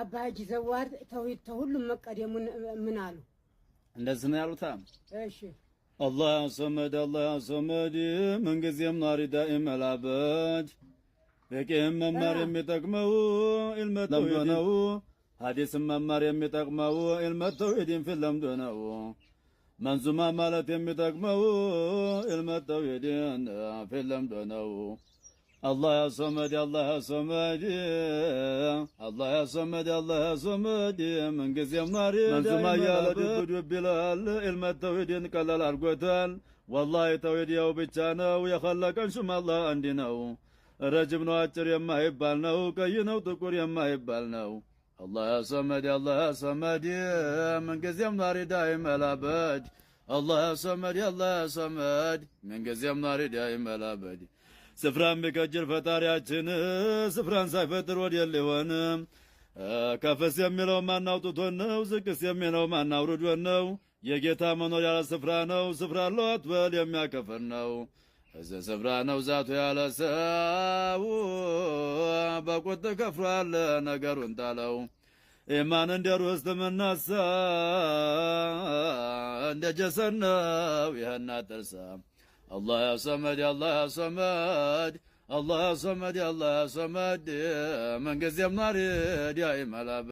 አባጅ ዘዋር ተውሂድ ተሁሉም መቀደሙን ምን አሉ? እንደዚህ ነው ያሉታ። እሺ አላህ ሰመድ አላህ ሰመድ ምንጊዜም ኗሪ ዳኢም አልአበድ በቂም መማር የሚጠቅመው ኢልመ ተውሂድ ነው። ሐዲስ መማር የሚጠቅመው ኢልመ ተውሂድን ፊት ነው። መንዙማ ማለት የሚጠቅመው ኢልመ ተውሂድን ፊት ነው። الله صمد الله صمد الله صمد الله صمد من قزيم ناري زما يا لدود بلال علم التوحيد قال الأرقوتان والله توحيد يو بيتانا ويخلقن شم الله عندنا ረጅም ነው አጭር የማይባል ነው ቀይ ነው ጥቁር የማይባል ነው አላህ ሰመድ አላህ ሰመድ ምንጊዜም ኗሪ ዳይም አላበድ አላህ ሰመድ አላህ ሰመድ ምንጊዜም ኗሪ ዳይም አላበድ ስፍራ ቢከጅል ፈጣሪያችን ስፍራን ሳይፈጥር ወዴት ሊሆን ከፍስ የሚለው ማናውጥቶ ነው። ዝቅስ የሚለው ማናውርዶ ነው። የጌታ መኖር ያለ ስፍራ ነው። ስፍራ አለው አትበል የሚያከፍር ነው። እዚ ስፍራ ነው ዛቱ ያለ ሰው በቁጥ ከፍሯል ነገሩን ጣለው ኢማን እንደ ሩህ እስልምናሳ እንደ ጀሰነው ይህና ጥርሳ አላህ ሰመድ አላህ ሰመድ አላህ ሰመድ አላህ ሰመድ መንገዝ የማርድ ያይመላ